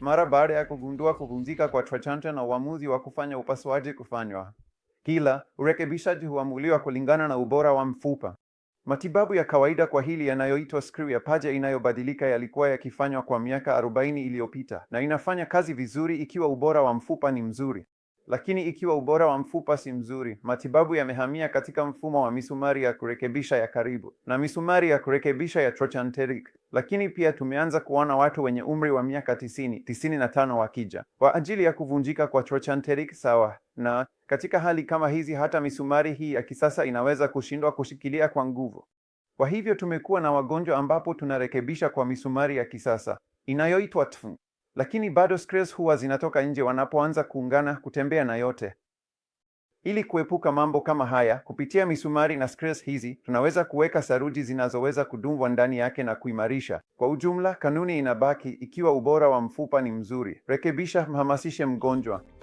mara baada ya kugundua kuvunjika kwa Trechanter na uamuzi wa kufanya upasuaji kufanywa. Kila urekebishaji huamuliwa kulingana na ubora wa mfupa. Matibabu ya kawaida kwa hili yanayoitwa skriu ya paja inayobadilika yalikuwa yakifanywa kwa miaka 40 iliyopita na inafanya kazi vizuri ikiwa ubora wa mfupa ni mzuri. Lakini ikiwa ubora wa mfupa si mzuri, matibabu yamehamia katika mfumo wa misumari ya kurekebisha ya karibu na misumari ya kurekebisha ya trochanteric lakini pia tumeanza kuona watu wenye umri wa miaka tisini tisini na tano wakija kwa ajili ya kuvunjika kwa trochanteric sawa. Na katika hali kama hizi, hata misumari hii ya kisasa inaweza kushindwa kushikilia kwa nguvu. Kwa hivyo tumekuwa na wagonjwa ambapo tunarekebisha kwa misumari ya kisasa inayoitwa TFM, lakini bado screws huwa zinatoka nje wanapoanza kuungana, kutembea na yote. Ili kuepuka mambo kama haya, kupitia misumari na screws hizi, tunaweza kuweka saruji zinazoweza kudungwa ndani yake na kuimarisha. Kwa ujumla, kanuni inabaki: ikiwa ubora wa mfupa ni mzuri, rekebisha, mhamasishe mgonjwa.